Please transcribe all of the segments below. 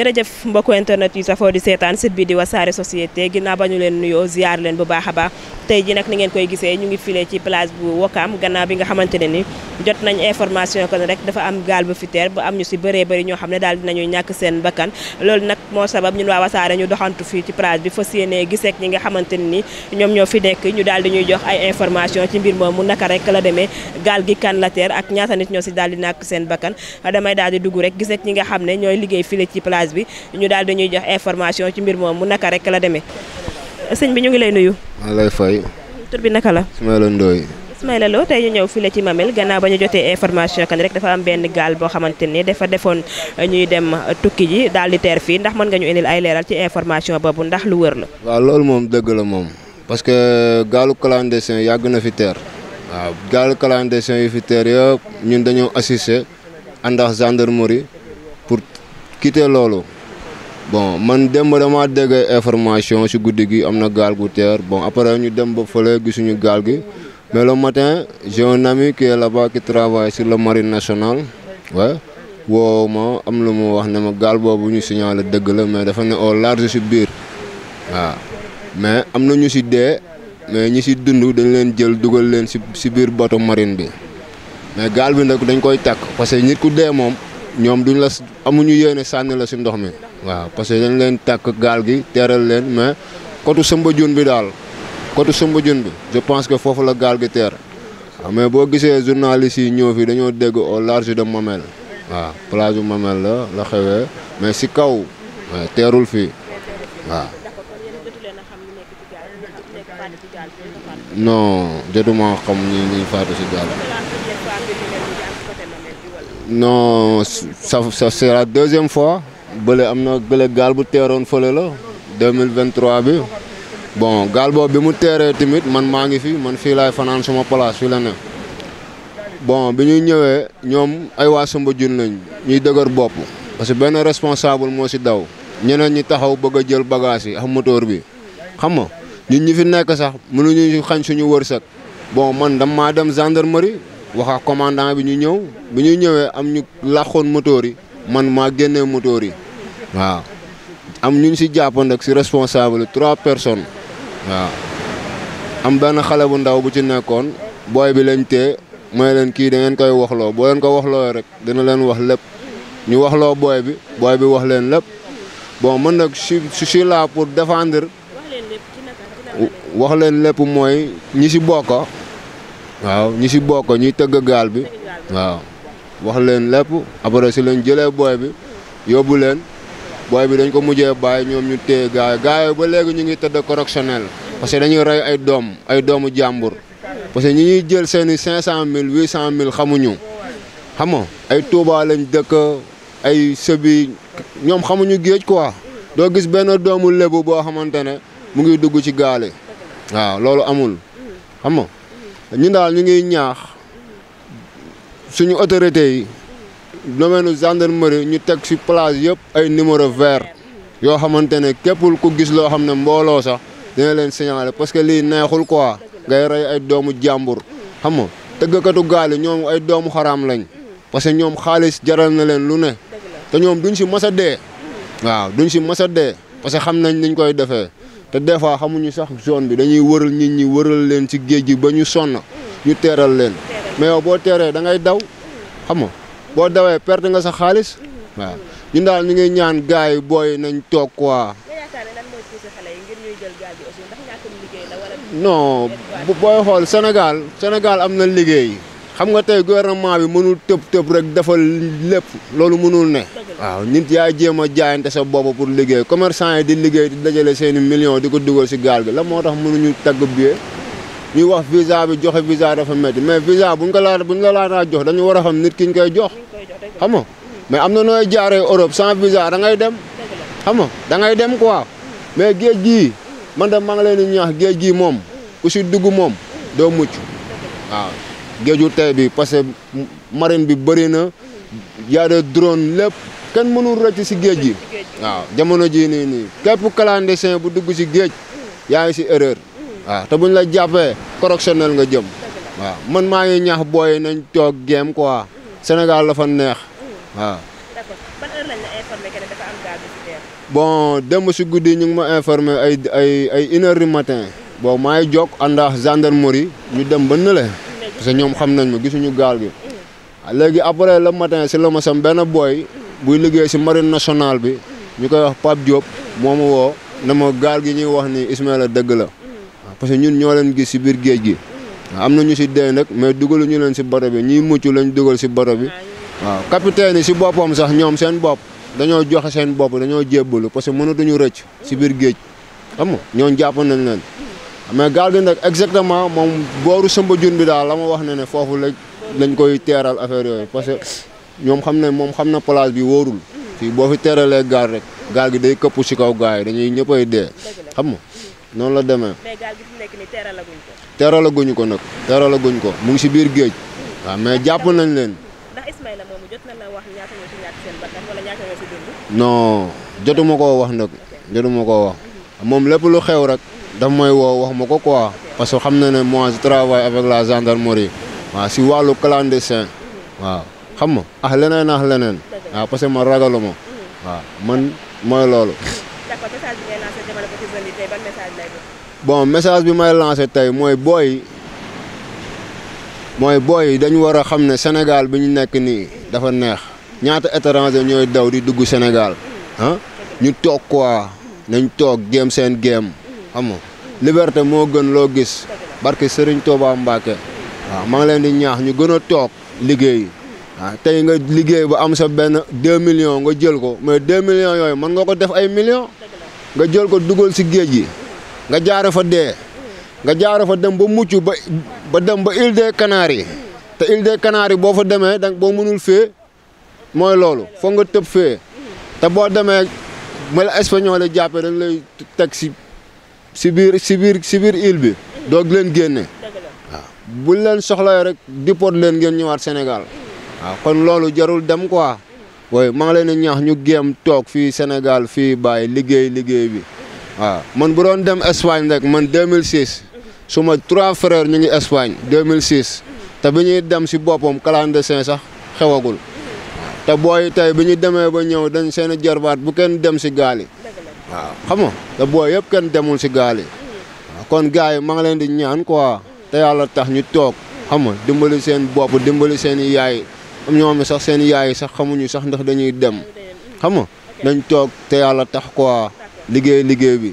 jërëjëf mbokku internet yu safoo di seetaan site bi di wasaare société ginnaaw ba ñu leen nuyoo ziar leen bu baax a baax tey ji nag ni ngeen koy gisee ñu ngi file ci place bu Wakaam xamante ne ni jot nañ information que rek dafa am gaal bu fi teer bu am ñu si bëree bëri ñoo xam ne daal dinañu ñàkk seen bakkan loolu nag moo sabab ñun waa wasaare ñu doxantu fii ci place bi fas yéene giseek ñi nga xamante ne ni ñoom ñoo fi nekk ñu daal di ñuy jox ay information ci mbir moom mu naka rek la demee gaal gi kan la teer ak ñaata nit ñoo si daal di ñàkk seen bakkan damay daal di dugg rek giseek ñi nga xam ne ñooy liggéey file ci place base bi ñu daal di ñuy jox information ci mbir moom mu naka rek la demee sëñ bi ñu ngi lay nuyu. maa lay fay. tur bi naka la. Ismaïla Ndoye. Ismaïla Lo tey ñu ñëw fii la ci Mamel gannaaw ba ñu jotee information kan rek dafa am benn gaal boo xamante nii dafa defoon ñuy dem tukki ji daal di teer fii ndax man nga ñu indil ay leeral ci information boobu ndax lu wër la. waaw loolu moom dëgg la moom parce que gaalu clandestin yàgg na fi teer. waaw gaalu clandestin yu fi teer yëpp ñun dañoo assister àndax gendarmerie. quitté loolu bon man dem ba dama dégg information si guddi gi am na gaal gu teer bon après ñu dem ba fële gisuñu gaal gi mais le matin j'ai un ami qui est travaille sur le marine nationale ouais woo ma am lu mu wax ne ma gaal boobu ñu signalé dëgg la mais dafa ne au large si biir waaw mais am na ñu si dee mais ñi si dund dañ leen jël dugal leen si si biir bato marine bi mais gaal bi nag dañ koy takk parce que nit ku dee moom. ñoom duñu la amuñu yéene sànni la si ndox mi waaw parce que dañ leen tàkk gaal gi teeral leen mais côté Soumbédioune bi daal côté Soumbédioune bi je pense que foofu la gaal gi teer waaw mais boo gisee journalistes yi ñëw fi dañoo dégg au large de Mamel waaw plage bu Mamel la la xewee mais si kaw teerul fii waaw. non jotuma xam ñi ñuy faatu si gaal non sa sa c'est deuxième fois bële am na bële gaal bu teeroon fële la 2023 bi bon gaal boobu bi mu teeree tamit man maa ngi fi man fii laay fanaan sama place fii la ne bon bi ñuy ñëwee ñoom ay waa samba jun lañ ñuy dëgër bopp parce que benn responsable moo si daw ñeneen ñi taxaw bëgg a jël bagage yi ak moteur bi xam nga ñun ñi fi nekk sax mënuñu xañ suñu wërsëg bon man dama maa dem gendarmerie waxa commandant bi ñu ñëw bi ñu ñëwee am ñu làqoon motoor yi man maa génnee motoor yi waaw am ñu si jàppoon rek si responsable trois personnes waaw am benn xale bu ndaw bu ci nekkoon booy bi lañ tee mooy leen kii da ngeen koy waxloo boo leen ko waxloo rek dina leen wax lépp ñu waxloo booy bi booy bi wax leen lépp bon mën nag si si si là pour défendre wax leen lépp mooy ñi si bokk waaw ñi si bokk ñuy tëgg gaal bi waaw wax leen lépp après si lañ jëlee booy bi yóbbu leen booy bi dañ ko mujjee bàyyi ñoom ñu téye gaay gaay ba léegi ñu ngi tëdd correctionnel parce que dañuy rey ay doom ay doomu jàmbur parce que ñi ñuy jël seeni cinq cent mille huit cent mille xamuñu xam nga ay Touba lañ dëkk ay sëbi ñoom xamuñu géej quoi doo gis benn doomu lébu boo xamante ne mu ngi dugg ci gaale waaw loolu amul xam nga ñun daal ñu ngi ñaax suñu autorités yi domaine gendarmerie ñu teg ci place yëpp ay numéro vert yoo xamante ne képp ku gis loo xam ne mbooloo sax dina leen signaler parce que lii neexul quoi ngay rey ay doomu jàmbur xam nga tëggkatu gaal yi ñoom ay doomu xaraam lañ parce que ñoom xaalis jaral na leen lu ne te ñoom duñ si mës a dee waaw duñ si mës dee parce que xam nañ niñ koy defee. te des fois xamuñu sax zone bi dañuy wëral nit ñi wëral leen ci géej gi ba ñu sonn ñu teeral leen mais boo teeree dangay daw xam boo dawee perte nga sa xaalis waaw ñun daal ñu ngi ñaan gars yi booy nañ toog waa no booy xool senegal Sénégal am na liggéey. xam nga tey gouvernement bi mënul tëb tëb rek defal lépp loolu mënul ne. waaw nit yaa jéem a jaayante sa bopp pour liggéey commerçant yi di liggéey di dajale seeni i di ko dugal si gaal gi la moo tax mënuñu tagg billet ñuy wax visa bi joxe visa dafa métti mais visa buñ ko laata buñ la laataa jox dañu war a nit kiñ ñu koy jox. xam nga mais am na nooy jaaree Europe sans visa da ngay dem. xam nga da ngay dem quoi mais géej gii man de maa ngi leen di ñaax géej gii moom ku si dugg moom doo mucc géeju tey bi parce que marine bi bëri na yaa de drone lépp kenn mënul rëcc si géej gi waaw jamono ji nii nii képp clandestin bu dugg si géej yaa ngi si erreur waaw te buñ la jàppee correctionnel nga jëm waaw man maa ngi ñax booy nañ toog géem quoi Sénégal la fa neex waaw. ban bon démb si guddi ñu ngi ma informé ay ay ay une matin. bon maa ngi jokk ànd ak gendarmerie ñu dem ba nële. parce ñoom xam nañ ma gisuñu gaal gi. léegi après la matin si la ma sam benn booy buy liggéey si marine nationale bi ñu koy wax Pape Diop moo ma woo na ma gaal gi ñuy wax ni Ismaila dëgg la parce que ñun ñoo leen gis si biir géej gi am na ñu si dee nag mais ñu leen si bato bi ñiy muccu lañ dugal si bato bi waaw capitaine yi si boppam sax ñoom seen bopp dañoo joxe seen bopp dañoo jébbalu parce que mënatuñu rëcc si biir géej xam ñoo jàpp nañ leen. mais gaal gi nag exactement moom booru sëmba jun bi daal la ma wax ne ne foofu la lañ koy teeral affaire yooyu parce que ñoom xam ne moom xam na place bi wóorul fii boo fi teeralee gaal rek gaal gi day këppu si kaw gars yi dañuy ñëppay dee xam noonu la demee. mais gaal gi ko. teeralaguñ ko nag teeralaguñ ko mu ngi si biir géej. waaw mais jàpp nañ leen. ndax Ismaïla moomu jot na la wax non jotuma koo wax nag jotuma koo wax moom lépp lu xew rek. daf mooy woo wax ma ko quoi parce que xam na ne moi je travaille avec la gendarmerie waa si wàllu clandestin waaw xam ma ah leneen ah leneen waaw parce que ma ragalu ma waaw man mooy loolu. bon message bi may lancé tey mooy booy mooy booy dañu war a xam ne Sénégal bi ñu nekk nii dafa neex ñaata étranger ñooy daw di dugg Sénégal ah ñu toog quoi nañ toog gém seen géem xam nga liberté moo gën loo gis barke Serigne Touba Mbacke waaw maa ngi leen di ñaax ñu gën a toog liggéey waaw tey nga liggéey ba am sa benn 2 million nga jël ko mais 2 million yooyu mën nga ko def ay millions nga jël ko dugal si géej gi nga jaare fa dee nga jaare fa dem ba mucc ba ba dem ba île des Canaries te île des Canaries boo fa demee da boo mënul fee mooy loolu foog nga tëb fee te boo demee mala espagnol la jàppee dañ lay teg si si biir si biir si biir île bi doog leen génne waaw bu leen soxlawee rek dippoot leen ngeen ñëwaat senegal waaw kon loolu jarul dem quoi wooy maa leen di ñu géem toog fii Sénégal fii bàyyi liggéey liggéey bi waaw man bu doon dem Espagne rek man 2006 suma trois frères ñu ngi Espagne 2006 te bi ñuy dem si boppam clandestin sax xewagul te booy tey bi ñu demee ba ñëw dañ seen jarbaat bu kenn dem si gaali waaw xam nga te booy yëpp kenn demul ci gaal yi mm-hmm. kon gars yi ma ngi leen di ñaan quoi te yàlla tax ñu toog xam nga dimbali seen bopp dimbali seen yaay am ñoo xam sax seen yaay sax xamuñu sax ndax dañuy dem mm-hmm. xam dañ toog te yàlla tax quoi liggéey liggéey bi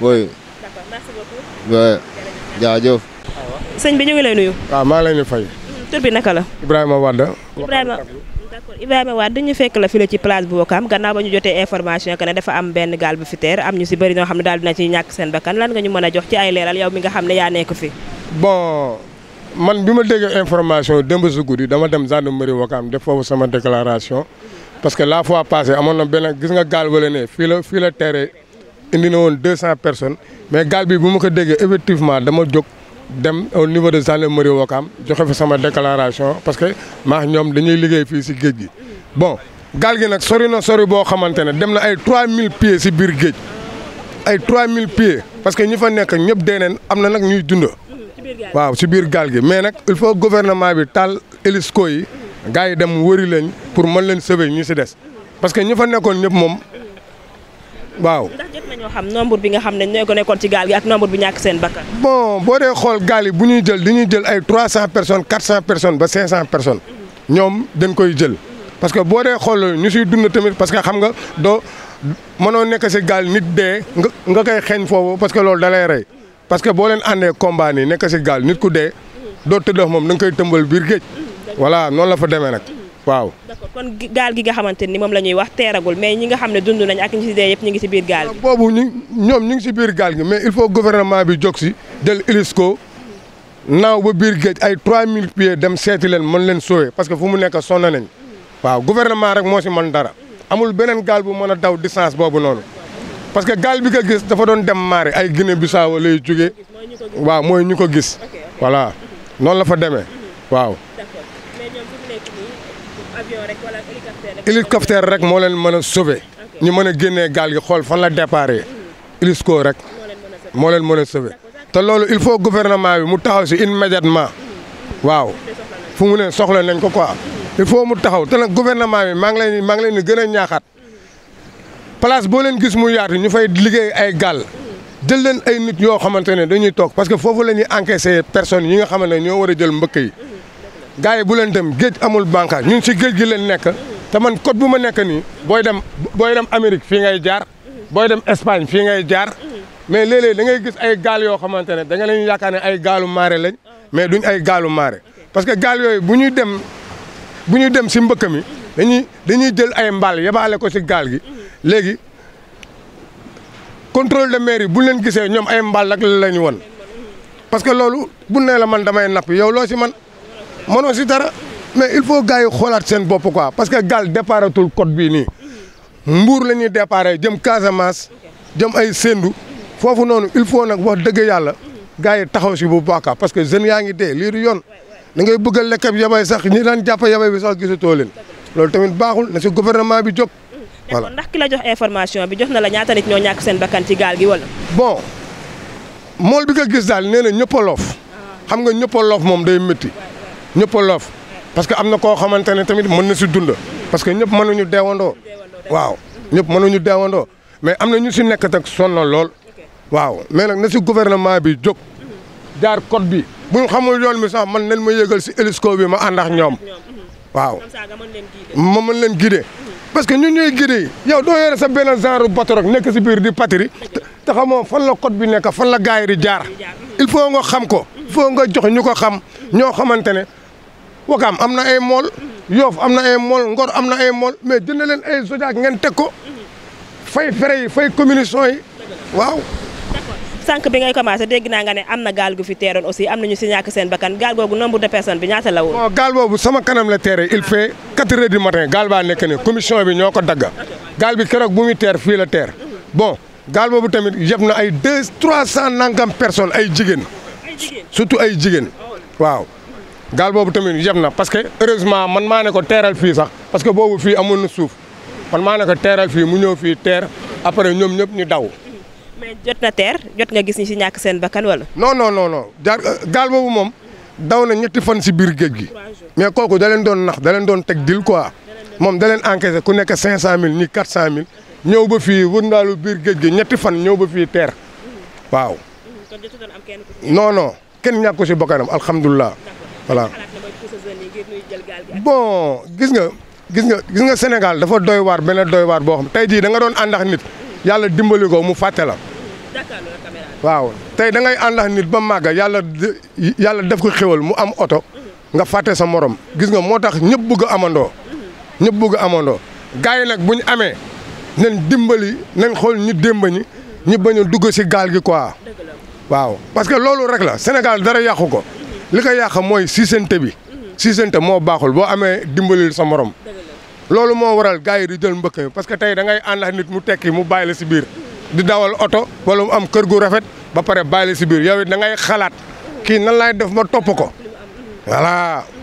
oui. d'accord merci beaucoup. bi ñu lay nuyu. waaw ah, maa ngi lay mm-hmm. tur bi naka la. Ibrahima Wade. Ibrahima. d'accord Ibrahima Wade dañu fekk la fi la ci place bu Ouakam gannaaw ba ñu jotee information que ne am benn gaal bu fi teer am ñu si bëri ñoo xam ne daal dina ci ñàkk seen bakkan lan nga ñu mën a jox ci ay leeral yow mi nga xam ne yaa nekk fi bon man bi ma déggee information démb si dama dem gendarmerie Ouakam def foofu sama déclaration parce que la fois passée amoon na benn gis nga gaal wala ne fii la fii indi na woon deux cent personnes mais gaal bi bu ma ko déggee effectivement dama jóg dem au niveau de gendarmerie Ouakam joxe fi sama déclaration parce que maa ñoom dañuy liggéey fii si géej gi. bon gaal gi nag sori na sori boo xamante ne dem na ay 3000 pieds si biir géej ay 3000 pieds parce que ñi fa nekk ñëpp dee am na nag ñuy dund. waaw si biir gaal gi mais nag il faut gouvernement bi taal hélico yi gars yi dem wari leen pour mën leen sauver ñu si des parce que ñi fa nekkoon ñëpp moom. waaw ndax xam nombre bi nga xam ne ñoo ko nekkoon ci gaal gi ak nombre bi ñàkk seen bakkan. boo dee xool gaal yi bu ñuy jël di ñuy jël ay 300 personnes 400 personnes ba 500 personnes mhm. ñoom dañ koy jël parce que boo dee xool ñu siy dund tamit parce que xam nga doo mënoo nekk si gaal nit dee nga nga koy xeeñ foofu parce que loolu da lay rey parce que boo leen àndee combat nii nekk si gaal nit ku dee mhm. doo tëddox moom da nga koy tëmbal biir géej mhm. voilà noonu la fa demee nag. waaw kon gaal gi nga xamante ni moom la ñuy wax teeragul mais ñi nga xam ne dund nañ ak ñi si dee yëpp ñu ngi si biir gaal gi boobu ñoom ñu ngi si biir gaal gi mais il faut gouvernement bi jóg si del ILISCO naaw ba biir géej ay 3000 pieds dem seeti leen mën leen sowee parce que fu mu nekk sonn nañ waaw gouvernement rek moo si mën dara amul beneen gaal bu mën a daw distance boobu noonu parce que gaal bi nga gis dafa doon dem maare ay Guinée Bissau lay jógee waaw mooy ñu ko gis voilà noonu la fa demee waaw hélicoptère rek moo leen mën a sauver ñu mën a génnee gaal gi xool fan la déparé hélico mhm. rek moo leen mën a sauver te loolu il faut gouvernement bi mu taxaw si médiatement mhm. waaw fu mu ne soxla nañ ko quoi mhm. il faut mu taxaw te nag gouvernement bi maa ngi leen maa ngi leen di gën a ñaaxaat place boo leen gis mu yaatu ñu fay liggéey ay gaal jël leen ay nit yoo xamante ne dañuy toog parce que foofu la ñuy encaissé personnes yi nga xamante ne ñoo war a jël mbëkk yi. gars yi bu leen dem géej amul bànqaas ñun si géej gi leen nekk man côte bu ma nekk nii booy dem booy dem Amérique fii ngay jaar booy dem Espagne fii ngay jaar mais léeg da ngay gis ay gaal yoo xamante ne da nga yaakaar ne ay gaalu lañ mais duñ ay gaalu marée parce que gaal yooyu bu ñuy dem bu ñuy dem si mbëkk mi dañuy dañuy jël ay mbaal yebaale ko si gaal gi léegi contrôle de mer yi bu leen gisee ñoom ay mbaal rek la ñu won parce que loolu bu ne la man damay napp yow loo si man mënoo si dara mais il faut gars yi xoolaat seen bopp quoi parce que gaal déparatul côte bii nii mbuur la ñuy déparé jëm Casamance jëm ay Sendou foofu noonu il faut nag wax dëgg yàlla gars yi taxaw si bu baax parce que jeunes yaa ngi dee lii du yoon da ngay bëgg a lekk yabay sax ñi daan jàpp yabay bi sax gisatoo leen loolu tamit baaxul na si gouvernement bi jóg. voilà ndax la jox information bi jox na la ñaata nit ñoo ñàkk seen bakkan ci gaal gi wala. bon mool bi nga gis daal nee na ñëpp a loof ah. xam nga ñëpp a loof moom day métti. ñëpp a loof parce que am na koo xamante ne tamit mën na si dund parce que ñëpp mënuñu deewandoo waaw ñëpp na ñu deewandoo mais am na ñu si nekk tak sonno lool waaw mais nag na si gouvernement bi jóg jaar code bi bu ñu xamul yoon mi sax man nañ ma yëgal si hélico bi ma ànd ak ñoom waaw ma mën leen guider parce que ñu ñooy guider yi yow doo yore sa benn genre bato rek nekk si biir di patiri te xamoo fan la code bi nekk fan la gars yi di jaar il faut nga xam ko il nga jox ñu ko xam ñoo xamante ne Wakaam am na ay mool Yoof am na ay mool Ngor am na ay mool mais dina leen ay Zodiac ngeen teg ko fay frais yi fay commission yi waaw. sànq bi ngay commencé dégg naa nga ne am na gaal gu fi teeroon aussi am na ñu si ñàkk seen bakkan gaal googu nombre de personnes bi ñaata la woon. bon boobu sama kanam la teere il fait quatre heures du matin gaal baa nekk ne commission bi ñoo ko dagga gaal bi keroog bu muy teer fii la teer bon gaal boobu tamit yëpp na ay deux trois cent nangam personnes ay jigéen. ay jigéen waaw. gaal boobu tamit yem na parce que heureusement man maa ne ko teeral fii sax parce que boobu fii amoon na suuf man maa ne ko teeral fii mu ñëw fii teer après ñoom ñëpp ñu daw. mais jot nga gis ñi si ñàkk seen bakkan wala. non non non non gaal boobu moom daw na ñetti fan si biir géej gi. mais kooku da leen doon nax da doon teg dil quoi moom da leen ku nekk 500000 ñi 400000 ñëw ba fii wëndaalu biir géej gi ñetti fan ñëw ba fii teer mm. waaw. Mm. non kenn ñàkk si bakkanam alhamdulilah. voilà bon gis nga gis nga gis nga Sénégal dafa doy waar benn doy waar boo xam tey jii da nga doon àndax nit yàlla dimbali ko mu fàtte la mm-hmm. waaw tey da ngay àndax nit ba màgg yàlla yàlla def ko xéwal mu am oto mm-hmm. nga fàtte sa morom gis nga moo tax ñëpp bëgg amandoo mm-hmm. ñëpp bëgg amandoo gars yi nag bu ñu amee nañ dimbali nañ xool ñu démb ñi ñu bañ a dugg si gaal gi quoi waaw parce que loolu rek la Sénégal dara yàqu ko li ko yàq mooy siisante bi mhm. siisante moo baaxul boo amee dimbalil sa morom loolu moo waral gars yi di jël mbëkk parce que tey da ngay ànd ak nit mu tekki mu bàyyi la si biir mhm. di dawal oto wala mu am kër gu rafet ba pare bàyyi la si biir yow it da ngay xalaat mhm. kii nan laay def ma topp ko voilà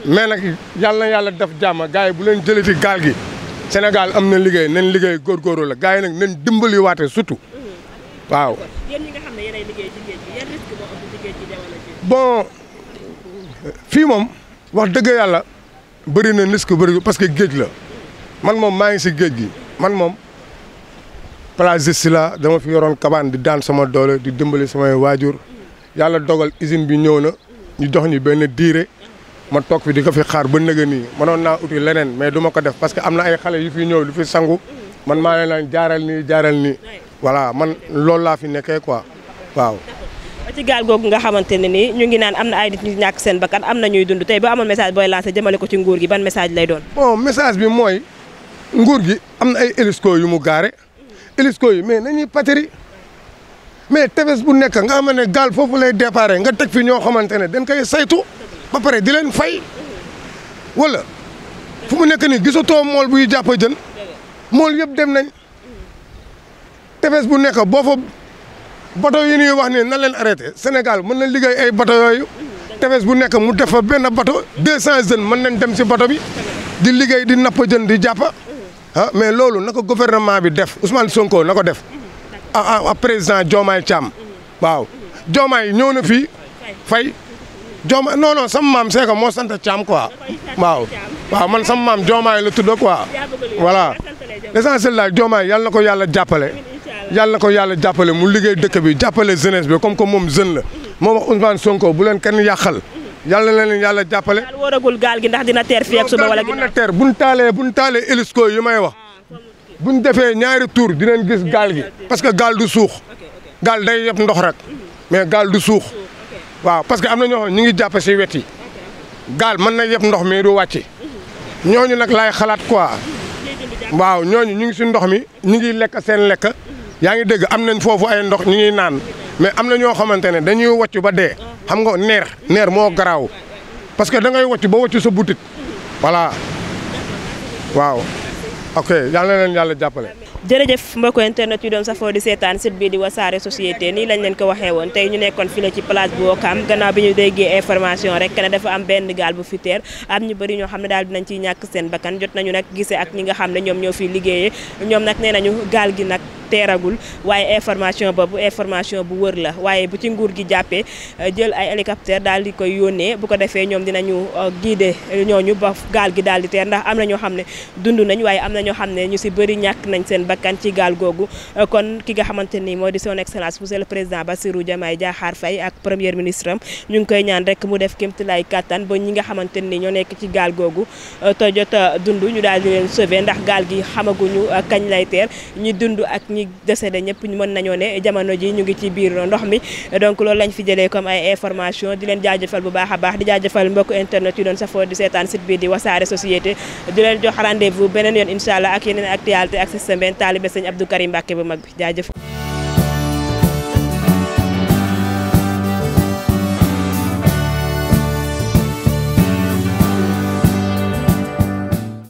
mais nag yàlla na yàlla def jàmm gars yi bu leen jëlee ci gaal gi senegal am na liggéey nañ liggéey góorgóorlu la gars yi nag nañ dimbali waate surtout waaw. fii moom wax dëgg yàlla bëri na risque bëri parce que géej la man moom maa ngi si géej gi man moom si la dama fi yoroon kabaan di daan sama doole di dimbali samay waajur yàlla dogal usine bi ñëw na ñu jox ñu benn diire ma toog fi di ko fi xaar ba nëga nii mënoon naa uti leneen mais du ma ko def parce que am na ay xale yu fi ñëw du fi sangu man maa leen naan jaaral ni jaaral ni voilà man loolu laa fi nekkee quoi waaw ba ci gaal googu nga xamante ne nii ñu ngi naan am na ay nit ñu ñàkk seen bakkan am na ñuy dund tey ba amoon message booy lancé jëmale ko ci nguur gi ban message lay doon. bon mooy nguur gi am na ay hélico yu mu gaare hélico yi mais nañuy pateri mais tefes bu nekk nga xam ne gaal foofu lay départ nga teg fi ñoo xamante ne dañ koy saytu ba pare di leen fay wala fu mu nekk nii gisatoo mool buy jàpp jën mool yëpp dem nañ tefes bu nekk boo fa. bateau yi ñuy wax ne na leen arrêté Sénégal mën na liggéey ay bateau yooyu tefes bu nekk mu def fa benn bateau deux cent jeunes mën nañ dem si bateau bi di liggéey di napp jën di jàppa ah mais loolu na ko gouvernement bi def Ousmane Sonko na ko def ah, ah, ah président Diomaye Thiam waaw Diomaye ñëw na fii fay Diomaye non non sama maam c'est que moo sant Thiam quoi waaw waaw man sama maam Diomaye la tudd quoi voilà l'essentiel daal Diomaye yàlla na ko yàlla jàppale yàlla ko yàlla jàppale mu liggéey dëkk bi jàppale jeunesse bi comme que moom jeune la moo wax Ousmane Sonko bu leen kenn yàqal yàlla na leen yàlla jàppale. daal wóoragul gaal gi ndax dina teer fii ak suba wala. ginnaaw mën na teer buñ taalee buñ taalee hélico yi may wax buñ defee ñaari tour dinañ gis gaal gi parce que gaal du suux gaal day yeb ndox rek mais gaal du suux waaw parce que am na ñoo xam ñu ngi jàpp si wet yi gaal mën na yeb ndox mi du wàcc ñooñu nag laay xalaat quoi waaw ñooñu ñu ngi si ndox mi ñu ngi lekk seen lekk yaa ngi dégg am nañ foofu ay ndox ñu ñuy naan mais am na ñoo xamante ne dañuy wàcc ba dee xam nga neer neer moo garaaw parce que da ngay wàcc ba wàcc sa butit voilà waaw ok yàlla na leen yàlla jàppale. jërëjëf mbokku internet yu doon safoo di seetaan site bii di wasaare société nii lañ leen ko waxee woon tey ñu nekkoon fii la ci place bu Ouakam gannaaw bi ñu déggee information rek ne dafa am benn gaal bu fi teer am ñu bëri ñoo xam ne daal dinañ ciy ñàkk seen bakkan jot nañu nag gisee ak nga xam ne ñoom ñoo fiy liggéeyee ñoom nag nee nañu gaal gi nag teeragul waaye information boobu information bu wër la waaye bu ci nguur gi jàppee euh, jël ay hélicoptère daal di koy yónnee bu ko defee ñoom dinañu euh, guider ñooñu ba gaal gi daal di teer ndax am na ñoo xam ne dund nañ waaye am na ñoo xam ne ñu si bëri ñàkk nañ seen bakkan ci gaal googu euh, kon ki nga xamante ni moo di son excellence monsieur le président Bassirou Diomaye Diakhar Faye ak premier ministre am ñu ngi koy ñaan kattan ba ñi nga xamante ni ñoo nekk ci gaal googu euh, te jot a dund ñu daal di leen sauver ndax gaal gi xamaguñu euh, kañ lay teer ñi dund ak ñi décédé ñëpp ñu mën nañoo ne jamono ji ñu ngi ci biir ndox mi donc loolu lañ fi jëlee comme ay information di leen jaajëfal bu baax a baax di jaajëfal mbokku internet taalibe sëñ Abdou Karim Mbacke bu mag bi jaajëf